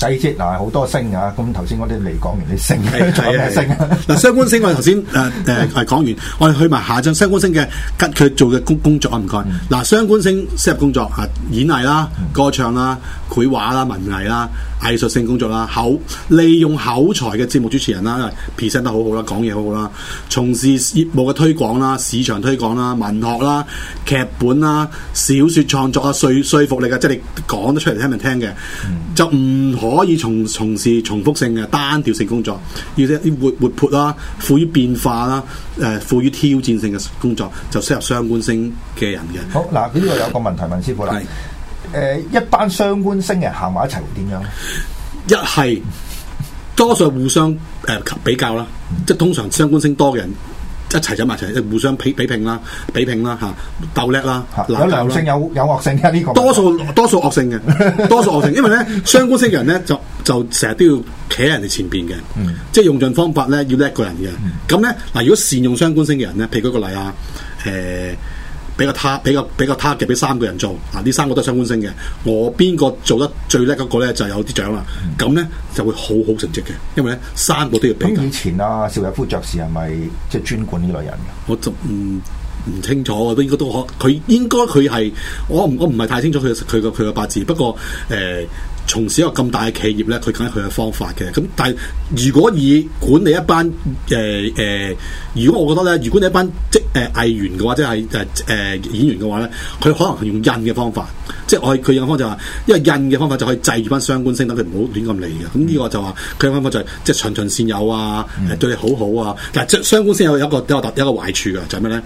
底質嗱好多星啊！咁頭先我哋未講完啲星，仲有啲星嗱、啊，傷官星我哋頭先誒誒係講完，我哋去埋下張傷官星嘅吉佢做嘅工工作啊！唔該，嗱，傷官星適合工作啊、嗯呃，演藝啦、歌唱啦。嗯嗯繪畫啦、文藝啦、藝術性工作啦、口利用口才嘅節目主持人啦、啊，present 得好好啦，講嘢好好啦，從事業務嘅推廣啦、市場推廣啦、文學啦、劇本啦、小說創作啊，說說服力啊，即係你講得出嚟聽咪聽嘅。嗯、就唔可以從從事重複性嘅單調性工作，要啲活活潑啦、富於變化啦、誒富於挑戰性嘅工作，就適合相關性嘅人嘅。好嗱，呢個有個問題問師傅啦。係誒，一班傷官星嘅人行埋一齊會點樣咧？一係多數互相誒、呃、比較啦，即係通常傷官星多嘅人一齊走埋一齊，互相比比拼啦，比拼啦吓，鬥叻啦。有良性有有惡性嘅呢個？多數多數惡性嘅，多數惡性， 因為咧傷官星嘅人咧就就成日都要企喺人哋前邊嘅，嗯、即係用盡方法咧要叻過人嘅。咁咧嗱，如果善用傷官星嘅人咧，譬如舉個例啊，誒、呃。呃比較他，比較比較他嘅，俾三個人做，嗱、啊、呢三個都係傷官星嘅。我邊個做得最叻嗰個咧，就有啲獎啦。咁咧、嗯、就會好好成績嘅。因為咧，三個都要比、嗯。以前啊，邵逸夫爵士係咪即係專管呢類人嘅？我就唔唔、嗯、清楚，都應該都可。佢應該佢係我我唔係太清楚佢佢個佢個八字，不過誒。欸從事一個咁大嘅企業咧，佢梗係佢嘅方法嘅，咁但係如果以管理一班誒誒，如果我覺得咧，如果你一班即係誒、呃、藝員嘅話，即係誒誒演員嘅話咧，佢可能係用印嘅方法，即係我佢嘅方法就係、是，因為印嘅方法就可以制住返傷官星等佢唔好亂咁嚟嘅，咁呢個就話佢嘅方法就係、是、即係循循善誘啊，對你好好啊，嗯、但係即係傷官星有一有一個比較突一個壞處嘅就係咩咧？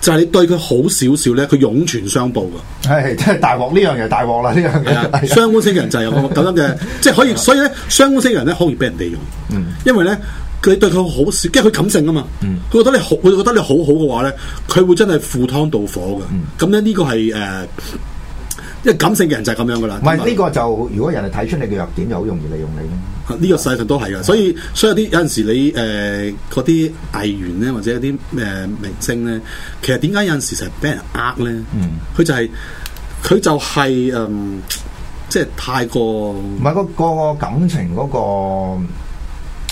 就係你對佢好少少咧，佢湧泉相報噶。係，即係大鑊，呢樣嘢大鑊啦，呢樣嘢。傷官星嘅人就係有咁樣嘅， 即係可以， 以。所以咧，傷官星嘅人咧，好易俾人利用。嗯，因為咧，佢對佢好少，即係佢感性啊嘛。嗯，佢覺得你好，佢覺得你好好嘅話咧，佢會真係赴湯蹈火噶。咁咧呢、呢個係誒。呃因為感性嘅人就係咁樣噶啦，唔係呢個就如果人哋睇出你嘅弱點，就好容易利用你咯。呢個世界上都係啊，所以所以有啲有陣時你誒嗰啲藝員咧，或者有啲誒明星咧，其實點解有陣時成日俾人呃咧？嗯，佢就係、是、佢就係、是、嗯，即、呃、係、就是、太過唔係、嗰個、嗰個感情嗰、嗰個。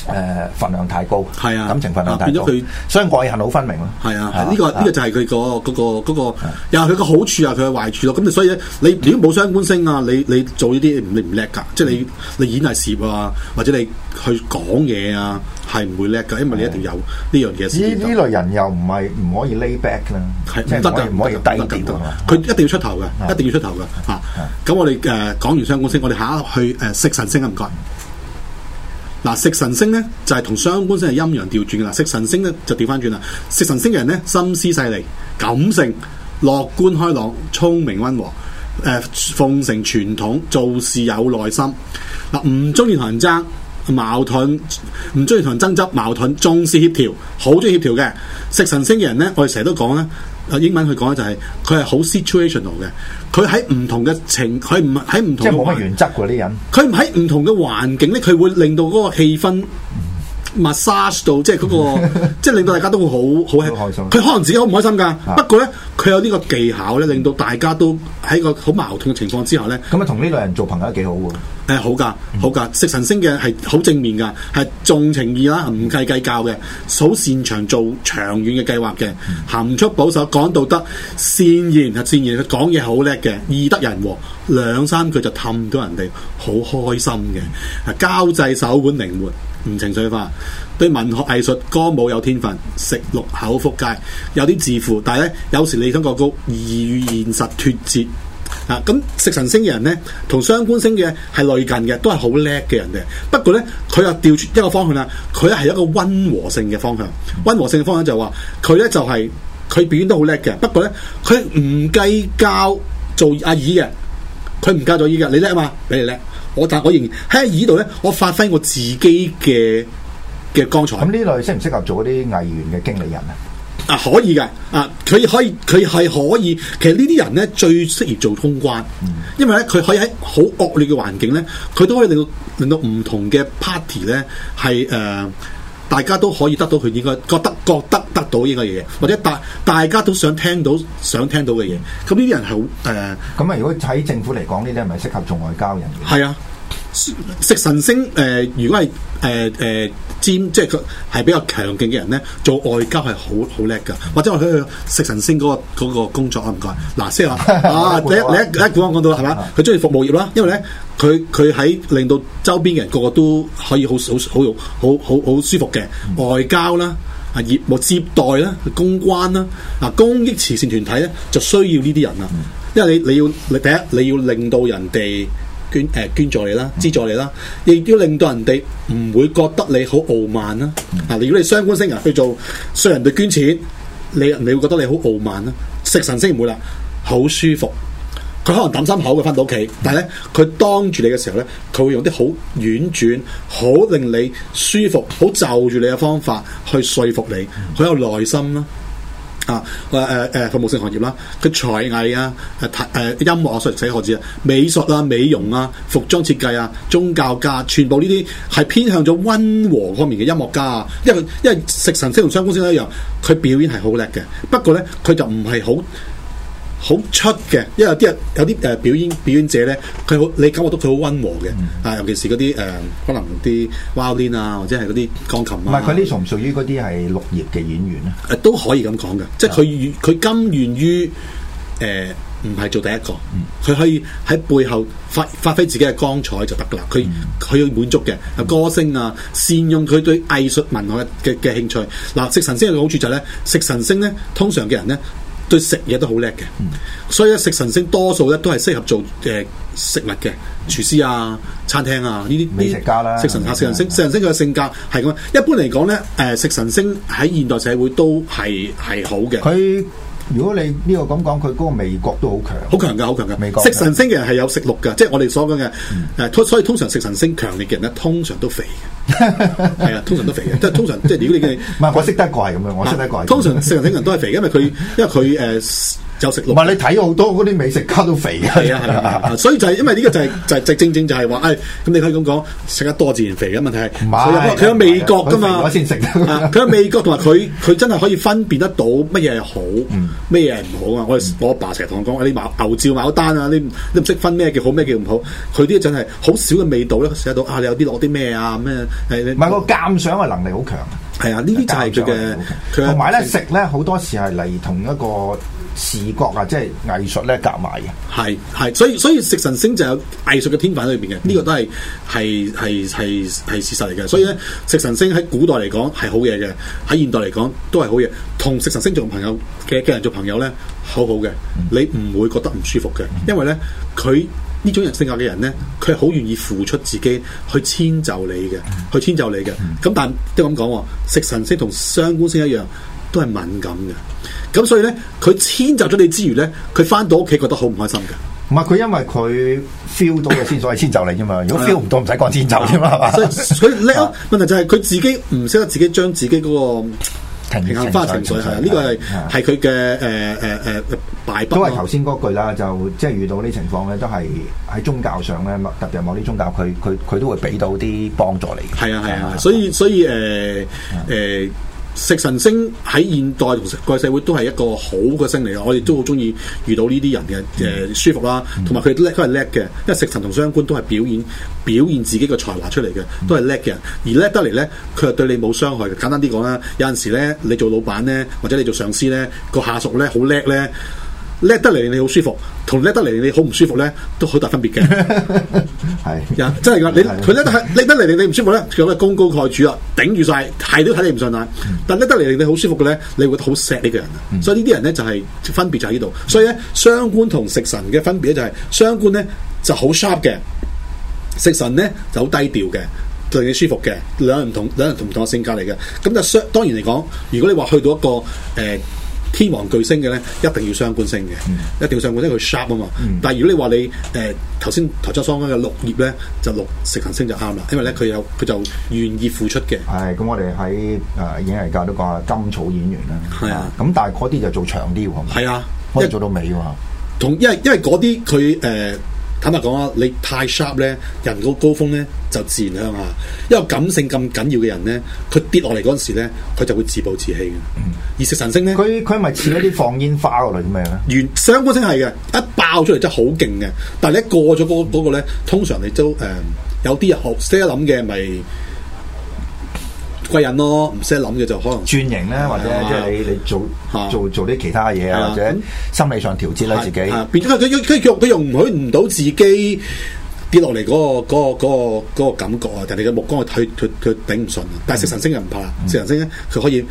誒，份量太高，係啊，感情份量太高，變咗佢，所以愛恨好分明咯。係啊，呢個呢個就係佢個嗰個嗰個，又佢個好處啊，佢個壞處咯。咁所以你如果冇傷官星啊，你你做呢啲你唔叻噶，即係你你演藝事業啊，或者你去講嘢啊，係唔會叻噶，因為你一定要有呢樣嘢。呢呢類人又唔係唔可以 lay back 咧，係唔得噶，唔可以低調噶，佢一定要出頭噶，一定要出頭噶。吓，咁我哋誒講完傷官星，我哋下一去誒食神星啊，唔該。嗱、就是，食神星咧就係同傷官星係陰陽調轉嘅，嗱食神星咧就調翻轉啦。食神星嘅人咧心思細膩、感性、樂觀開朗、聰明溫和、誒、呃、奉承傳統、做事有耐心，嗱唔中意同人爭。矛盾唔中意同人爭執，矛盾重視協調，好中意協調嘅。食神星嘅人呢，我哋成日都講咧，英文佢講咧就係佢係好 situational 嘅，佢喺唔同嘅情，佢唔喺唔同環境，即係冇乜原則啊，啲人，佢唔喺唔同嘅環境呢，佢會令到嗰個氣氛 massage 到即係嗰，那個，即係令到大家都會好好，佢 害羞 可能自己好唔開心噶。啊、不過咧，佢有呢個技巧咧，令到大家都喺個好矛盾嘅情況之下咧。咁啊，同呢類人做朋友都幾好嘅。誒、嗯，好噶，好噶，食神星嘅係好正面噶，係重情義啦，唔計計較嘅，好擅長做長遠嘅計劃嘅，含蓄保守，講道德，善言係善言，佢講嘢好叻嘅，易得人和，兩三句就氹到人哋好開心嘅，係交際手腕靈活。唔情緒化，對文學藝術歌舞有天分，食祿口福佳，有啲自負，但係咧，有時理想過高，易與現實脫節。啊，咁、嗯、食神星嘅人咧，同傷官星嘅係類近嘅，都係好叻嘅人嘅。不過咧，佢又調出一個方向啦，佢係一個溫和性嘅方向。溫和性嘅方向就話，佢咧就係、是、佢表演都好叻嘅，不過咧，佢唔計較做阿姨嘅。佢唔加咗依噶，你叻啊嘛，畀你叻。我但係我仍然喺依度咧，我發揮我自己嘅嘅光彩。咁呢、嗯、類適唔適合做嗰啲藝員嘅經理人啊？啊，可以嘅，啊，佢可以，佢係可以。其實呢啲人咧最適宜做通關，嗯、因為咧佢可以喺好惡劣嘅環境咧，佢都可以令到令到唔同嘅 party 咧係誒。大家都可以得到佢應該覺得覺得得到呢個嘢，或者大大家都想聽到想聽到嘅嘢。咁呢啲人係好咁啊，呃、如果喺政府嚟講，呢啲係咪適合做外交人？係啊，食神星誒、呃，如果係誒誒尖即係佢係比較強勁嘅人咧，做外交係好好叻㗎。或者我睇佢食神星嗰、嗰個嗰個工作啱唔啱？嗱，即係話啊，你一你一古安講到啦，係嘛？佢中意服務業啦，因為咧。佢佢喺令到周邊嘅人個個都可以好好好好好，好舒服嘅外交啦、啊業務接待啦、公關啦啊公益慈善團體咧就需要呢啲人啦，因為你你要你第一你要令到人哋捐誒、呃、捐助你啦，資助你啦，亦都要令到人哋唔會覺得你好傲慢啦啊！嗯、如果你相關職業去做需要人哋捐錢，你你會覺得你好傲慢啦。食神星唔會啦，好舒服。佢可能抌心口嘅翻到屋企，但係咧，佢當住你嘅時候咧，佢會用啲好婉轉、好令你舒服、好就住你嘅方法去說服你，好有耐心啦。啊，誒、啊、誒、啊啊、服務性行業啦，佢才藝啊，誒、啊、音樂啊，實際學字啊，美術啦、啊、美容啊、服裝設計啊、宗教家、啊，全部呢啲係偏向咗溫和方面嘅音樂家啊，因為因為食神星同傷官星都一樣，佢表演係好叻嘅，不過咧，佢就唔係好。好出嘅，因為有啲人有啲誒表演表演者咧，佢好你感覺到佢好溫和嘅啊，尤其是嗰啲誒可能啲 violin 啊，或者係嗰啲鋼琴。唔係，佢呢仲屬於嗰啲係綠葉嘅演員啊？誒都可以咁講嘅，即係佢佢甘願於誒唔係做第一個，佢可以喺背後發發揮自己嘅光彩就得噶啦。佢佢要滿足嘅歌聲啊，善用佢對藝術文學嘅嘅興趣。嗱，食神星嘅好處就係咧，食神星咧，通常嘅人咧。對食嘢都好叻嘅，嗯、所以咧，食神星多數咧都係適合做誒食物嘅廚、嗯、師啊、餐廳啊，呢啲美食家啦。食神星，食神星，食神星佢嘅性格係咁。一般嚟講咧，誒、呃、食神星喺現代社會都係係好嘅。佢如果你呢個咁講，佢嗰個味覺都好強，好強嘅，好強嘅味覺。食神星嘅人係有食祿嘅，即、就、係、是、我哋所講嘅誒，所以通常食神星強烈嘅人咧，通常都肥嘅。係啊， 通常都肥嘅，即係通常即係如果你嘅唔係，我識得怪咁樣，我識得怪，通常成人食人都係肥，因為佢因為佢誒。呃唔係你睇好多嗰啲美食家都肥啊，係啊，啊，啊，所以就係、是、因為呢個就係、是、就係、是、正正就係話，誒、哎、咁你可以咁講，食得多自然肥嘅問題係，佢有佢有味覺㗎嘛，佢先食啊，佢有味覺同埋佢佢真係可以分辨得到乜嘢係好，咩嘢係唔好啊！嗯、我爸爸我阿爸成日同我講，你牛照牡丹啊，你你唔識分咩叫好咩叫唔好，佢啲真係好少嘅味道咧，食得到啊！你有啲攞啲咩啊？咩誒？唔係個鑒賞嘅能力好強，係啊，呢啲就係佢嘅，同埋咧食咧好多時係嚟同一個。視覺啊，即係藝術咧，夾埋嘅係係，所以所以食神星就有藝術嘅天分喺裏邊嘅，呢、這個都係係係係係事實嚟嘅。所以咧，食神星喺古代嚟講係好嘢嘅，喺現代嚟講都係好嘢。同食神星做朋友嘅嘅人做朋友咧，好好嘅，你唔會覺得唔舒服嘅。因為咧，佢呢種人性格嘅人咧，佢係好願意付出自己去遷就你嘅，去遷就你嘅。咁、嗯、但都咁講，食神星同傷官星一樣，都係敏感嘅。咁所以咧，佢遷就咗你之餘咧，佢翻到屋企覺得好唔開心嘅。唔係佢因為佢 feel 到嘅先，所以遷就你啫嘛。如果 feel 唔到，唔使講遷就嘛。所以佢咧，問題就係佢自己唔識得自己將自己嗰個平衡化情緒係啊。呢個係係佢嘅誒誒誒敗筆。都係頭先嗰句啦，就即係遇到呢情況咧，都係喺宗教上咧，特別係某啲宗教，佢佢佢都會俾到啲幫助你。係啊係啊，所以所以誒誒。食神星喺現代同世界社會都係一個好嘅星嚟嘅，嗯、我哋都好中意遇到呢啲人嘅誒舒服啦，同埋佢叻都係叻嘅，因為食神同傷官都係表演表現自己嘅才華出嚟嘅，都係叻嘅，而叻得嚟呢，佢係對你冇傷害嘅。簡單啲講啦，有陣時呢，你做老闆呢，或者你做上司呢，個下屬呢，好叻呢。叻得嚟，你好舒服；同叻得嚟，你好唔舒服咧，都好大分別嘅。係， 真係話你佢叻得叻得嚟，你唔舒服咧，就係功高蓋主啦，頂住晒，係都睇你唔順眼。但叻得嚟，你好舒服嘅咧，你會好錫、嗯、呢個人、就是。所以呢啲人咧就係分別就喺呢度。所以咧，傷官同食神嘅分別咧就係傷官咧就好 sharp 嘅，食神咧就好低調嘅，令你舒服嘅，兩人同兩人同唔同嘅性格嚟嘅。咁就當然嚟講，如果你話去到一個誒。呃天王巨星嘅咧，一定要傷官星嘅，嗯、一定要傷官星，佢 s h a r p 啊嘛。嗯、但係如果你話你誒頭先頭出雙嘅綠葉咧，就綠食神星就啱啦，因為咧佢有佢就願意付出嘅。係、哎，咁我哋喺誒影藝界都講甘草演員啦。係啊，咁、啊、但係啲就做長啲喎。係啊，可以、嗯、做到尾喎。同因為因為嗰啲佢誒。呃坦白講啊，你太 sharp 咧，人個高峰咧就自然向下。因為感性咁緊要嘅人咧，佢跌落嚟嗰陣時咧，佢就會自暴自棄嘅。而食神星咧，佢佢咪似嗰啲放煙花落嚟啲咩咧？原傷官星係嘅，一爆出嚟真係好勁嘅。但係你一過咗嗰、嗰個咧、嗯，通常你都誒、呃、有啲人學識得諗嘅咪。貴人咯，唔識諗嘅就可能轉型咧，或者、啊、即係你你做、啊、做做啲其他嘢啊，或者心理上調節啦自己。佢佢佢容佢容許唔到自己跌落嚟嗰個、嗰個個、嗰個感覺啊！人哋嘅目光佢佢佢頂唔順啊！但係食神星又唔怕，嗯、食神星咧佢可以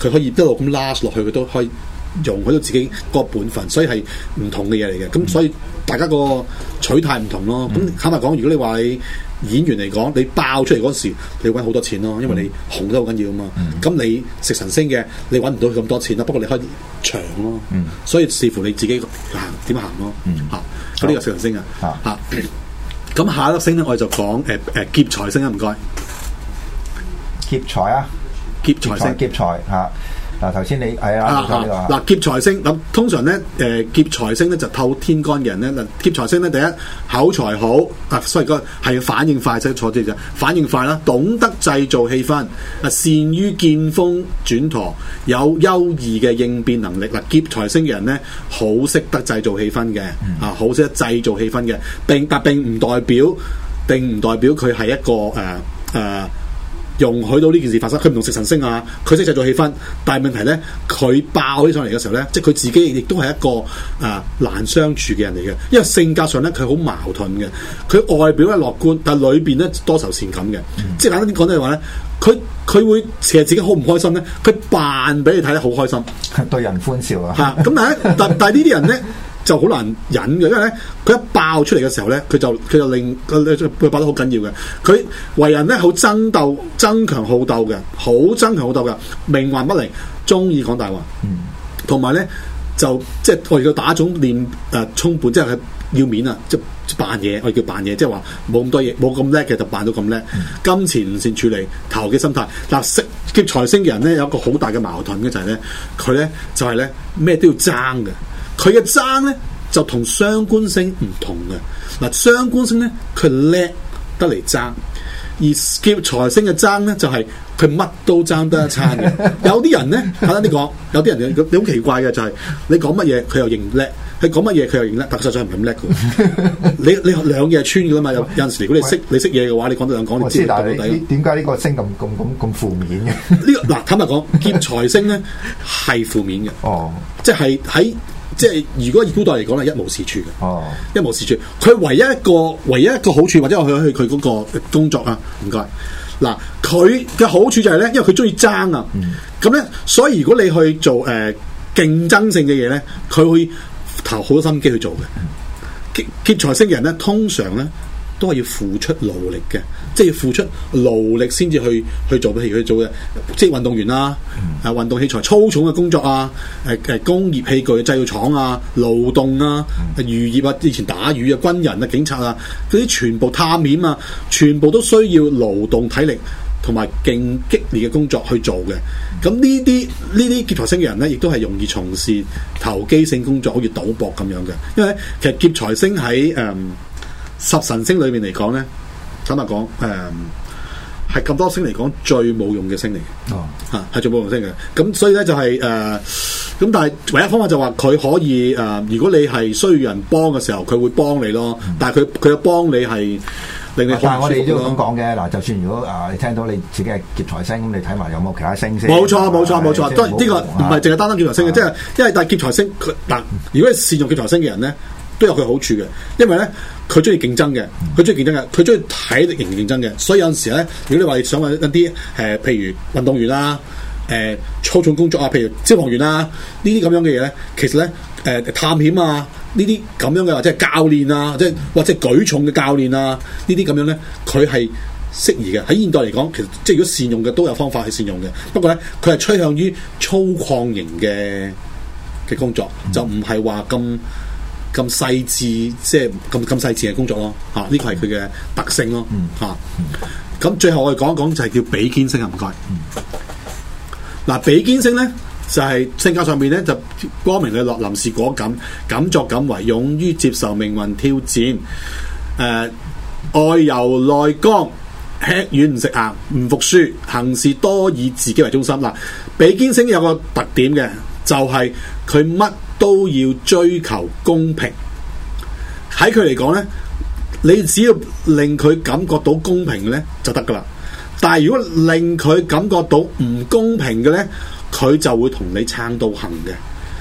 佢可以一路咁拉落去，佢都可以。容許到自己個本分，所以係唔同嘅嘢嚟嘅。咁所以大家個取態唔同咯。咁坦白講，如果你話你演員嚟講，你爆出嚟嗰時，你搵好多錢咯，因為你紅得好緊要啊嘛。咁、嗯嗯嗯、你食神星嘅，你搵唔到咁多錢咯。不過你可以長咯。嗯、所以視乎你自己行點行咯。吓、嗯，咁呢個食神星啊。吓、嗯，咁、啊啊、下一粒星咧，我哋就講誒誒劫財星啊，唔該。劫財啊，劫財星，劫財吓。嗱，頭先你係、哎、啊，嗱、這個啊、劫財星，咁通常咧，誒劫財星咧就透天干嘅人咧，嗱劫財星咧第一口才好，啊，所以個係反應快，即係錯啲就反應快啦，懂得製造氣氛，啊，善於見風轉舵，有優異嘅應變能力。嗱，劫財星嘅人咧，好識得製造氣氛嘅，嗯、啊，好識得製造氣氛嘅。並但並唔代表並唔代表佢係一個誒誒。啊啊容許到呢件事發生，佢唔同食神星啊，佢識製造氣氛，但係問題咧，佢爆起上嚟嘅時候咧，即係佢自己亦都係一個啊、呃、難相處嘅人嚟嘅，因為性格上咧佢好矛盾嘅，佢外表係樂觀，但係裏邊咧多愁善感嘅，嗯、即係簡單啲講就係話咧，佢佢會其實自己好唔開心咧，佢扮俾你睇得好開心，係對人歡笑啊，嚇、啊！咁但係 但但係呢啲人咧。就好難忍嘅，因為咧佢一爆出嚟嘅時候咧，佢就佢就令佢爆得好緊要嘅。佢為人咧好爭鬥、爭強好鬥嘅，好爭強好鬥嘅，命硬不靈，中意講大話，同埋咧就即係我哋叫打腫臉誒充胖，即係佢要面啊，即係扮嘢，我哋叫扮嘢，即係話冇咁多嘢，冇咁叻嘅就扮到咁叻。金錢唔善處理，投嘅心態嗱，食劫財星嘅人咧有一個好大嘅矛盾嘅就係咧，佢咧就係咧咩都要爭嘅。佢嘅爭咧就相性同傷官星唔同嘅嗱，傷官星咧佢叻得嚟爭，而劫財 星嘅爭咧就係佢乜都爭得一餐嘅。有啲人咧，簡單啲講，有啲人你好奇怪嘅就係、是、你講乜嘢佢又認叻，佢講乜嘢佢又認叻，但實際上唔咁叻佢。你你兩嘢穿噶嘛？有有陣時如果你識喂你識嘢嘅話，你講兩講你知到到底。點解呢個星咁咁咁咁負面嘅？呢個嗱坦白講，劫財星咧係負面嘅。哦， 即係喺。即係如果以古代嚟講咧，一無是處嘅，哦哦一無是處。佢唯一一個唯一一個好處，或者我去去佢嗰個工作啊，唔該。嗱，佢嘅好處就係咧，因為佢中意爭啊，咁咧、嗯，所以如果你去做誒競、呃、爭性嘅嘢咧，佢會投好多心機去做嘅。劫劫財星嘅人咧，通常咧。都係要付出勞力嘅，即係要付出勞力先至去去做，譬如去做嘅，即係運動員啊，啊運動器材粗重嘅工作啊，誒、啊、誒工業器具製造廠啊，勞動啊，漁業啊，以前打魚啊，軍人啊，警察啊，嗰啲全部探險啊，全部都需要勞動體力同埋勁激烈嘅工作去做嘅。咁呢啲呢啲劫財星嘅人咧，亦都係容易從事投機性工作，好似賭博咁樣嘅。因為其實劫財星喺誒。嗯十神星裏面嚟講咧，坦白講，誒，係咁多星嚟講最冇用嘅星嚟嘅，啊係、哦、最冇用星嘅。咁所以咧就係誒咁，但係唯一方法就話佢可以誒、呃，如果你係需要人幫嘅時候，佢會幫你咯。但係佢佢嘅幫你係令你。但係我哋都要咁講嘅嗱，就算如果啊你聽到你自己係劫財星，咁你睇埋有冇其他星先。冇錯冇錯冇錯，當然呢個唔係淨係單單劫財星嘅，即係、啊、因為但係劫財星佢嗱，但如果你善用劫財星嘅人咧，都有佢好處嘅，因為咧。佢中意競爭嘅，佢中意競爭嘅，佢中意體力型競爭嘅，所以有陣時咧，如果你話想揾一啲誒、呃，譬如運動員啦、啊，誒、呃、粗重工作啊，譬如消防員啊，這這呢啲咁樣嘅嘢咧，其實咧誒、呃、探險啊，呢啲咁樣嘅或者係教練啊，即係或者舉重嘅教練啊，呢啲咁樣咧，佢係適宜嘅。喺現代嚟講，其實即係如果善用嘅都有方法去善用嘅。不過咧，佢係趨向於粗獷型嘅嘅工作，就唔係話咁。咁細緻，即係咁咁細緻嘅工作咯，吓，呢個係佢嘅特性咯，吓、啊。咁、嗯、最後我哋講一講就係叫比肩星啊，唔該。嗱、嗯，比肩星呢，就係、是、性格上面呢，就光明磊落、臨事果敢、敢作敢為、勇於接受命運挑戰。誒、呃，外柔內剛，吃軟唔食硬，唔服輸，行事多以自己為中心。嗱、呃，比肩星有個特點嘅就係佢乜？都要追求公平，喺佢嚟講呢，你只要令佢感覺到公平呢，就得噶啦。但係如果令佢感覺到唔公平嘅呢，佢就會同你撐到行嘅。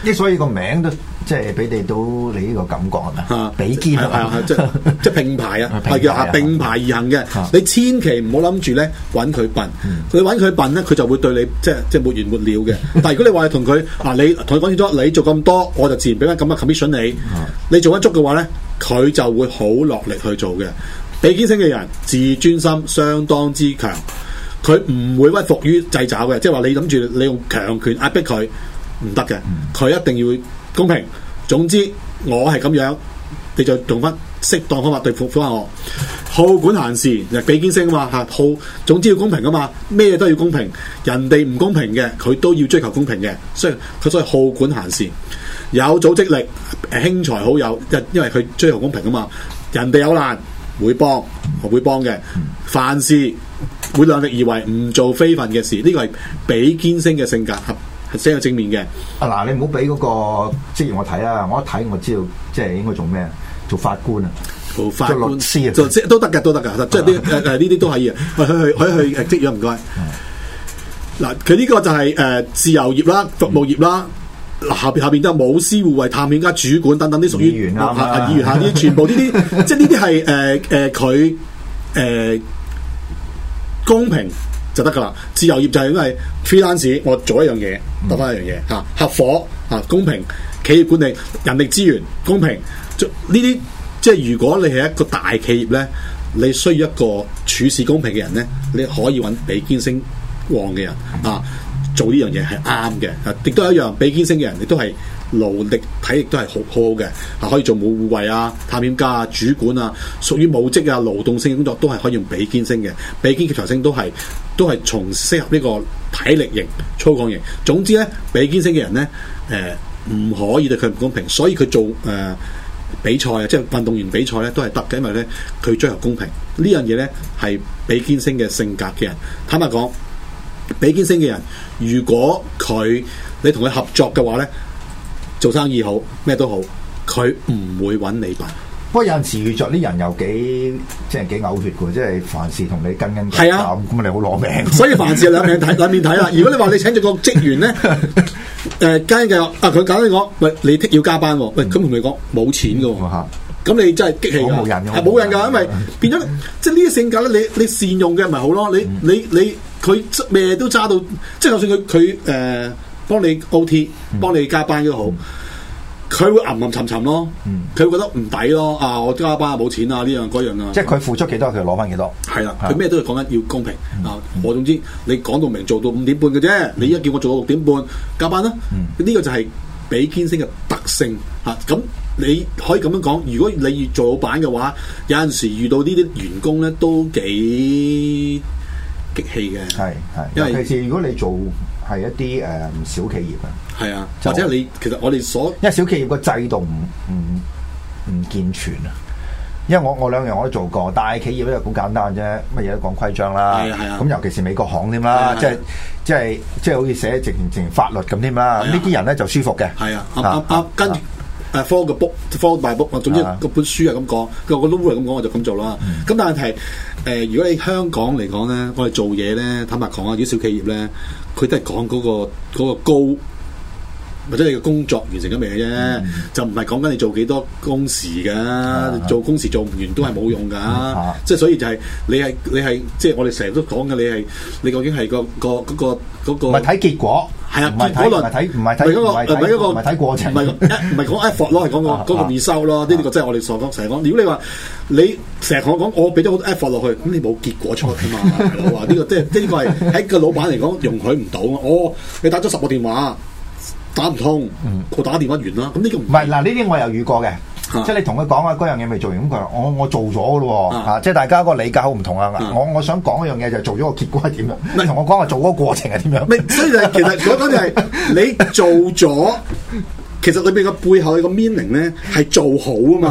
啲所以個名都即係俾你到你呢個感覺係咪比肩，係啊，即係即係並排啊，係啊，並排而行嘅。你千祈唔好諗住咧揾佢笨，佢揾佢笨咧，佢就會對你即係即係沒完沒了嘅。但係如果你話同佢啊，你同佢講清楚，你做咁多，我就自然俾翻咁嘅 commission 你。你做翻足嘅話咧，佢就會好落力去做嘅。比肩星嘅人自尊心相當之強，佢唔會屈服於制爪嘅，即係話你諗住你用強權壓迫佢。唔得嘅，佢一定要公平。總之我係咁樣，你就用翻適當方法對付翻我。好管閒事，就比肩星啊嘛吓，好總之要公平噶嘛，咩都要公平。人哋唔公平嘅，佢都要追求公平嘅，雖然，佢所謂好管閒事，有組織力，輕財好友，因因為佢追求公平啊嘛，人哋有難會幫，會幫嘅。凡事會量力而為，唔做非分嘅事。呢個係比肩星嘅性格合。係真正，正面嘅。啊嗱，你唔好俾嗰個職員我睇啊！我一睇我知道，即係應該做咩？做法官啊，做法官做律師啊，做即都得嘅，都得噶。即係啲誒呢啲都可以佢去去去去，職員唔該。嗱，佢呢個就係、是、誒、呃，自由業啦，服務業啦。嗯、下邊下邊就武師護衛、探險、家主管等等屬於，啲屬於議員啦、啊啊啊，議員下啲全部呢啲， 即係呢啲係誒誒，佢、呃、誒、呃、公平。公平就得噶啦，自由業就係因為 freelance 我做一樣嘢得翻一樣嘢嚇，嗯、合伙，嚇公平，企業管理、人力資源、公平，呢啲即係如果你係一個大企業咧，你需要一個處事公平嘅人咧，你可以揾比肩星旺嘅人啊，做呢樣嘢係啱嘅，亦都係一樣比肩星嘅人，你都係。勞力體力都係好好嘅，係可以做武護衛啊、探險家啊、主管啊，屬於武職啊、勞動性嘅工作都係可以用比肩星嘅，比肩劫財星都係都係從適合呢個體力型、粗獷型。總之咧，比肩星嘅人咧，誒、呃、唔可以對佢唔公平，所以佢做誒、呃、比賽啊，即係運動員比賽咧都係得嘅，因為咧佢追求公平樣呢樣嘢咧係比肩星嘅性格嘅人，坦白講，比肩星嘅人如果佢你同佢合作嘅話咧。做生意好咩都好，佢唔會揾你笨。不過有陣時遇着啲人又幾即係幾嘔血嘅，即係凡事同你跟跟。係啊，咁你好攞命。所以凡事有兩面睇，兩面睇啦。如果你話你請咗個職員咧，誒，跟跟佢，啊，佢簡單講，喂，你要加班喎，喂，佢同你講冇錢嘅喎，吓，咁你真係激氣啊，冇人噶，冇人噶，因為變咗即係呢啲性格咧，你你善用嘅咪好咯，你你你佢咩都揸到，即係就算佢佢誒。幫你 O T，幫你加班都好，佢會吟吟沉沉咯，佢會覺得唔抵咯，啊我加班冇錢啊呢樣嗰樣啊，即係佢付出幾多，佢攞翻幾多，係啦，佢咩都要講緊要公平啊。的嗯、我總之你講到明，做到五點半嘅啫。嗯、你依家叫我做到六點半加班啦，呢、嗯、個就係比肩星嘅特性吓。咁、啊、你可以咁樣講，如果你要做老闆嘅話，有陣時遇到呢啲員工咧都幾激氣嘅，係係，尤其是如果你做。係一啲誒，唔小企業啊，係啊就，或者你其實我哋所，因為小企業個制度唔唔唔健全啊，因為我我兩樣我都做過。大企業咧就好簡單啫，乜嘢都講規章啦，係啊係啊，咁尤其是美國行添啦，即係即係即係好似寫直情法律咁添啦。啊、呢啲人咧就舒服嘅，係啊啊啊跟住誒，科嘅 book，科大 book，我總之嗰本書係咁講，佢有個 number 咁講，我就咁做啦。咁但係誒，如果喺香港嚟講咧，我哋做嘢咧，坦白講啊，如果小企業咧，佢都係講嗰個嗰個高，或者你個工作完成咗未嘅啫，就唔係講緊你做幾多工時噶，做工時做唔完都係冇用噶。即係所以就係你係你係，即係我哋成日都講嘅，你係你究竟係個個嗰個嗰個，咪睇結果。係啊，唔係睇，唔睇，唔係睇，唔個，唔係睇過程，唔係， 唔係講 effort 咯，係講、嗰個嗰、啊、個回收咯，呢、啊、個即係我哋所講成日講。如果你話你成日同我講，我俾咗好多 effort 落去，咁你冇結果出啊嘛？大佬啊，呢、個即係呢個係喺、個老闆嚟講容許唔到。我、哦、你打咗十個電話打唔通，我打電話完啦。咁呢個唔係嗱，呢啲、啊、我又遇過嘅。即係你同佢講啊，嗰樣嘢未做完，咁佢話我我做咗嘅咯，啊，即係大家個理解好唔同啊！我我想講一樣嘢就係做咗個結果係點樣，你同是我講係做嗰個過程係點樣？所以、就係、其實我講就係你做咗，其實裏邊個背後個 meaning 咧係做好啊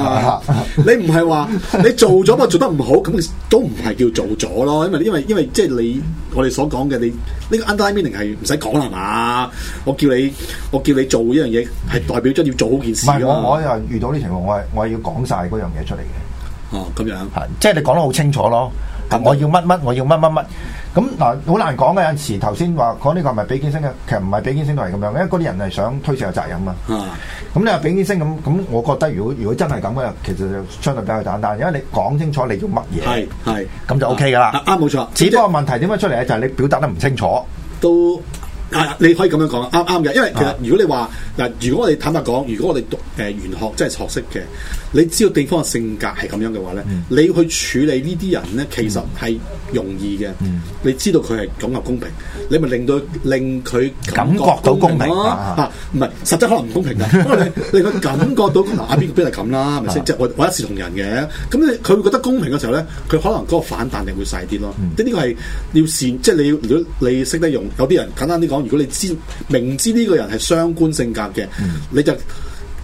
嘛， 你唔係話你做咗，我做得唔好，咁都唔係叫做做咗咯，因為因為因為即係你。我哋所講嘅，你呢個 underlying meaning 係唔使講啦嘛。我叫你，我叫你做一樣嘢，係代表咗要做件事咯、啊。唔，我我又遇到呢情況，我係我係要講晒嗰樣嘢出嚟嘅。哦、啊，咁樣。係，即係你講得好清楚咯。我要乜乜，我要乜乜乜。咁嗱，好、嗯、難講嘅有陣時，頭先話講呢個係咪比肩星嘅？其實唔係比肩星都係咁樣，因為嗰啲人係想推卸責任嘛啊。咁、嗯、你話比肩星，咁、嗯，咁我覺得如果如果真係咁嘅，其實就相對比較簡單，因為你講清楚你做乜嘢，係係咁就 O K 噶啦。啱冇、啊啊啊、錯，只不過問題點解出嚟咧？就係、是、你表達得唔清楚都。你可以咁樣講啊，啱啱嘅，因為其實如果你話嗱，如果我哋坦白講，如果我哋讀誒玄、呃、學即係學識嘅，你知道地方嘅性格係咁樣嘅話咧，你去處理呢啲人咧，其實係容易嘅。嗯、你知道佢係咁嘅公平，你咪令到令佢感，感覺到公平嚇、啊，唔係、啊啊、實質可能唔公平㗎。因為你令佢感覺到阿平，啊邊邊係咁啦，咪、嗯、先？即係我我一視同仁嘅。咁你佢會覺得公平嘅時候咧，佢可能嗰個反彈力會細啲咯。即呢個係要善，即係你要如果你識得用，有啲人簡單啲講。如果你知明知呢個人係傷官性格嘅，嗯、你就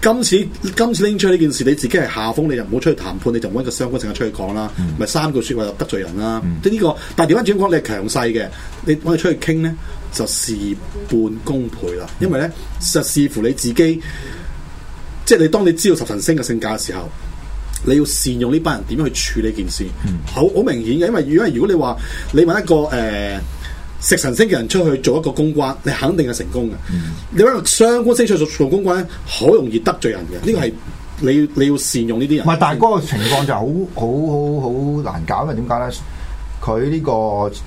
今次今次拎出呢件事，你自己係下風，你就唔好出去談判，你就唔好一個傷官性格出去講啦，咪、嗯、三句說話就得罪人啦。即呢、嗯這個，但係調翻轉講，你係強勢嘅，你我哋出去傾咧，就事半功倍啦。因為咧，嗯、就視乎你自己，即、就、係、是、你當你知道十神星嘅性格嘅時候，你要善用呢班人點樣去處理件事，嗯、好好明顯嘅。因為因為如果你話你揾一個誒。呃食神星嘅人出去做一個公關，你肯定係成功嘅。你話個傷官星，星出去做做公關咧，好容易得罪人嘅。呢、這個係你你要善用呢啲人。唔係，但係嗰個情況就好好好好難搞，因為點解咧？佢呢、這個誒、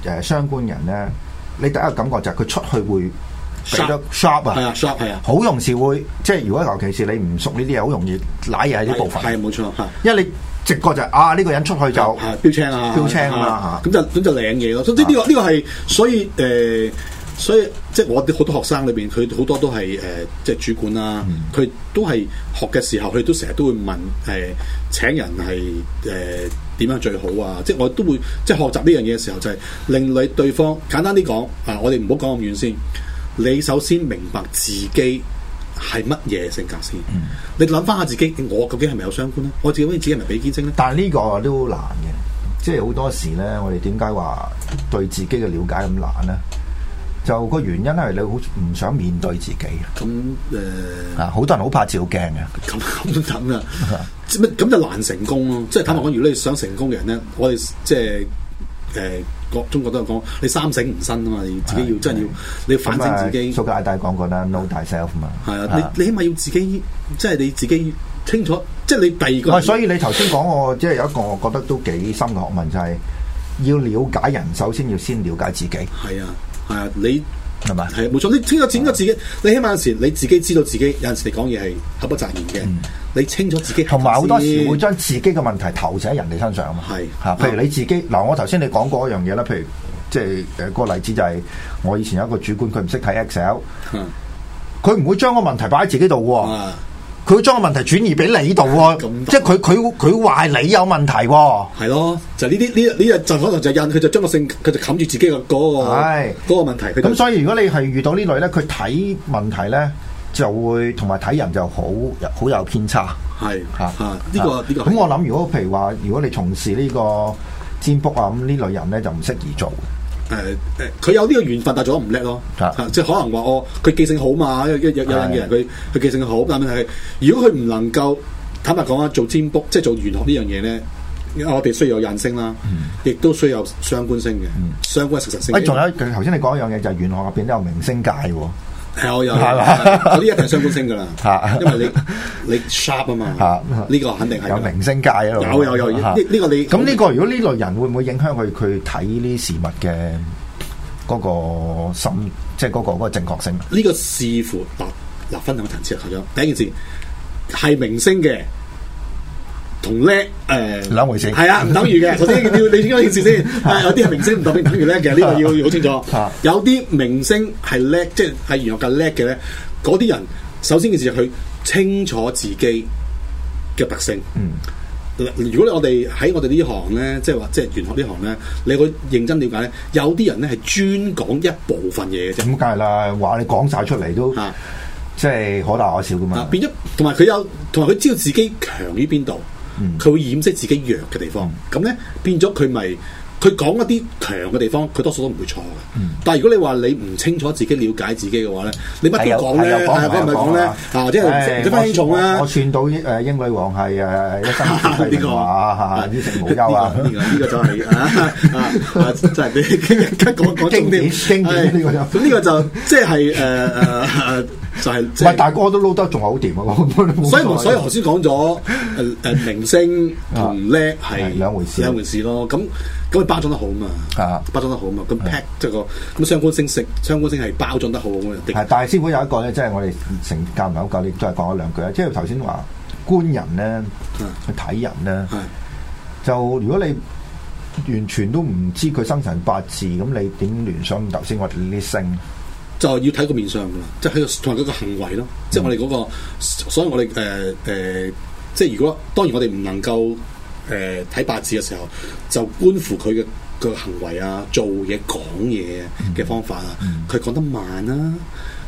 呃、傷官人咧，你第一個感覺就係佢出去會 sharp 啊，係啊，sharp 係啊，好、啊、容易會即係如果尤其是你唔熟呢啲嘢，好容易瀨嘢喺啲部分。係冇、啊啊、錯，啊、因為你。直覺就係、啊，呢、這個人出去就標、啊、青啊，標青啊，咁就咁就領嘢咯、啊這個這個。所以呢個呢個係所以誒，所以即係我哋好多學生裏邊，佢好多都係誒、呃，即係主管啦、啊，佢、嗯、都係學嘅時候，佢都成日都會問誒、呃，請人係誒點樣最好啊？即係我都會即係學習呢樣嘢嘅時候、就是，就係令你對方簡單啲講啊，我哋唔好講咁遠先。你首先明白自己。係乜嘢性格先？嗯、你諗翻下自己，我究竟係咪有傷官咧？我自己自己係咪俾堅貞咧？但係呢個都好難嘅，即係好多時咧，我哋點解話對自己嘅了解咁難咧？就個原因係你好唔想面對自己。咁誒、嗯、呃、啊，好多人好怕照鏡嘅。咁咁啊，咁就難成功咯。即係坦白講，如果你想成功嘅人咧，我哋即係誒。呃國中國都有講，你三省吾身啊嘛，你自己要真係要，你要反省自己。蘇格拉底講過啦，know thyself 嘛。係啊，你你起碼要自己，即係你自己清楚，即係你第二個。所以你頭先講我，即係有一個，我覺得都幾深嘅學問，就係要了解人，首先要先了解自己。係啊，係啊，你。係咪？係冇錯，你清楚整個自己，啊、你起碼有陣時你自己知道自己有陣時你講嘢係口不擇言嘅。嗯、你清楚自己同埋好多時會將自己嘅問題投射喺人哋身上啊嘛。係吓是，啊、譬如你自己嗱，我頭先你講過一樣嘢啦，譬如即係誒、呃那個例子就係、是、我以前有一個主管，佢唔識睇 Excel，佢唔會將個問題擺喺自己度嘅、啊。啊佢會將個問題轉移俾你度喎，即係佢佢佢話你有問題喎。係咯，就呢啲呢呢日就可能就印佢就將個性佢就冚住自己個嗰個嗰個問題。咁所以如果你係遇到呢類咧，佢睇問題咧就會同埋睇人就好好有偏差。係嚇，呢個呢個。咁我諗如果譬如話，如果你從事呢個占卜啊咁呢類人咧，就唔適宜做。誒誒，佢、呃呃、有呢個緣分，但係做得唔叻咯、啊啊、即係可能話哦，佢記性好嘛，有有有人嘅人佢佢記性好，但問題係如果佢唔能夠坦白講啊，做占卜即係做玄學呢樣嘢咧，我哋需要有引星啦，嗯、亦都需要有相關性嘅、嗯、相關嘅事實性、哎。誒，仲有一頭先你講一樣嘢，就係、是、玄學入邊都有明星界。有有有，呢一定傷官星噶啦。因為你你 shop 啊嘛，呢個肯定係有明星界啊，有有有呢，呢個你咁，呢個如果呢類人會唔會影響佢佢睇呢事物嘅嗰個心，即係嗰個個正確性？呢個視乎嗱嗱，分兩個層次啊，頭先第一件事係明星嘅。同叻誒兩、呃、回 事係啊，唔等於嘅。首先要你點解件事先？有啲係明星唔代表等於叻嘅。呢、這個要好清楚。 有啲明星係叻，即係喺玄學更叻嘅咧。嗰啲人首先件事就佢清楚自己嘅特性。嗯、如果你我哋喺我哋呢、就是、行咧，即係話即係玄學呢行咧，你去認真了解咧，有啲人咧係專講一部分嘢嘅啫。咁梗係啦，話你講晒出嚟都，即係、啊、可大可小噶嘛。變咗，同埋佢有，同埋佢知道自己強於邊度。佢會掩飾自己弱嘅地方，咁咧變咗佢咪佢講一啲強嘅地方，佢多數都唔會錯嘅。但係如果你話你唔清楚自己、了解自己嘅話咧，你乜都講咧，係咪講咧？啊，即係睇翻輕重啦。我串到誒英女王係誒一生一世衣食無憂啊，呢個呢個就係啊，真係你而家講講重點，經典經典呢個呢個就即係誒。就係唔係大哥都撈得仲好掂啊哈哈所以！所以所以頭先講咗誒誒，明星同叻係兩、嗯嗯、回事，兩回事咯。咁咁包裝得好嘛，嗯、包裝得好嘛。咁 pack 即係個咁傷官星，傷官星係包裝得好。但係，師傅有一個咧，即、就、係、是、我哋成教唔好教，你都係講咗兩句、就是、啊。即係頭先話官人咧，去睇人咧，就如果你完全都唔知佢生辰八字，咁你點聯想頭先我哋啲星？就要睇個面相㗎啦，即係睇佢同埋佢個行為咯。嗯、即係我哋嗰、那個，所以我哋誒誒，即係如果當然我哋唔能夠誒睇、呃、八字嘅時候，就觀乎佢嘅個行為啊，做嘢講嘢嘅方法啊，佢、嗯、講得慢啊，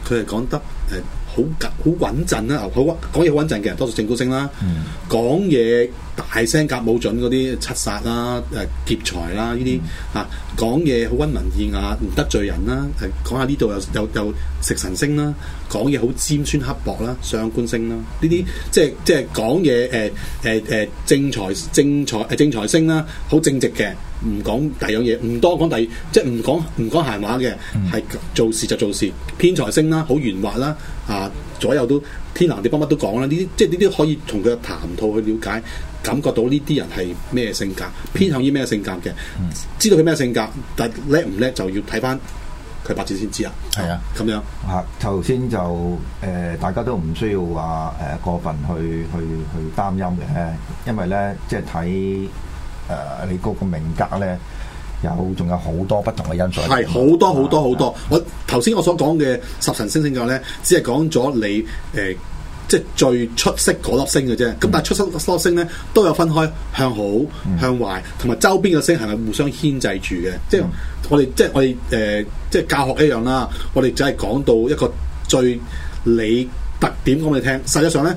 佢係講得誒。呃好好穩陣啦，好講嘢好穩陣嘅多數正官星啦、嗯呃啊，講嘢大聲夾冇準嗰啲七殺啦、誒劫財啦呢啲嚇，講嘢好溫文爾雅，唔得罪人啦。係、啊、講下呢度又又又食神星啦、啊，講嘢好尖酸刻薄啦，傷官星啦呢啲，即係即係講嘢誒誒誒正財正財誒、呃、正財星啦，好正，正直嘅，唔講第二樣嘢，唔多講第二，即係唔講唔講閒話嘅，係、嗯、做事就做事，偏財星啦，好圓滑啦。啊！左右都天南地北乜都講啦，呢啲即係呢啲可以從佢嘅談吐去了解，感覺到呢啲人係咩性格，嗯、偏向於咩性格嘅，嗯、知道佢咩性格，但叻唔叻就要睇翻佢八字先知啊。係啊，咁樣。啊，頭先就誒，大家都唔需要話誒、呃、過分去去去擔憂嘅，因為咧即係睇誒你嗰個命格咧。有仲有好多不同嘅因素係，係好多好多好多。我頭先我所講嘅十神星星嘅話咧，只係講咗你誒，即、呃、係、就是、最出色嗰粒星嘅啫。咁、嗯、但係出色嗰粒星咧，都有分開向好、嗯、向壞，同埋周邊嘅星係咪互相牽制住嘅？即係、嗯、我哋即係我哋誒，即、呃、係、就是、教學一樣啦。我哋只係講到一個最你特點講俾你聽。實際上咧，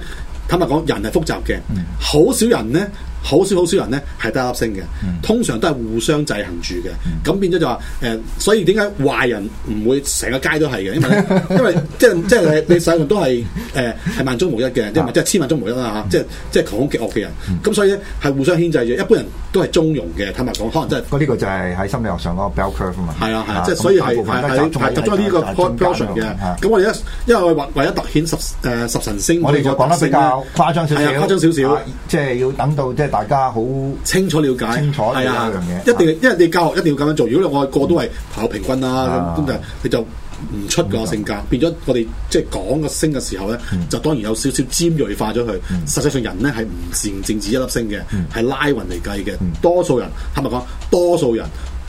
坦白講，人係複雜嘅，好、嗯、少人咧。好少好少人咧係得粒星嘅，通常都係互相制衡住嘅，咁變咗就話誒、呃，所以點解壞人唔會成個街都係嘅？因為因為即係即係你使用都係誒係萬中無一嘅，即係即係千萬中無一啦嚇、啊，即係即係窮兇極惡嘅人。咁、嗯嗯、所以咧係互相牽制住，一般人都係中庸嘅。坦白講，可能即、就、係、是。呢個就係喺心理學上嗰個 bell curve, 啊係啊,啊，即係所以係係係集中呢個 c 嘅。咁我哋因為為為咗凸顯十誒、呃、十神星個特色，我哋就講得比較誇張少少、啊，係啊誇張少少，即係要等到即係。大家好清楚了解，係啊，呢樣嘢一定，因為你教學一定要咁樣做。如果你我個都係考平均啦，咁就佢就唔出個性格，變咗我哋即係講個星嘅時候咧，就當然有少少尖鋭化咗佢。實際上人咧係唔善政治一粒星嘅，係拉勻嚟計嘅。多數人係咪講，多數人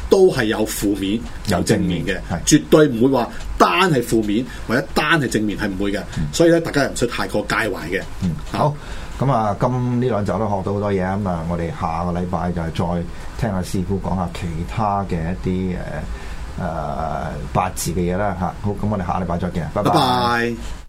都係有負面有正面嘅，絕對唔會話單係負面或者單係正面係唔會嘅。所以咧，大家又唔使太過介懷嘅。好。咁啊，今呢兩集都學到好多嘢，咁啊，我哋下個禮拜就係再聽下師傅講下其他嘅一啲誒誒八字嘅嘢啦嚇。好，咁我哋下個禮拜再見，拜拜。拜拜。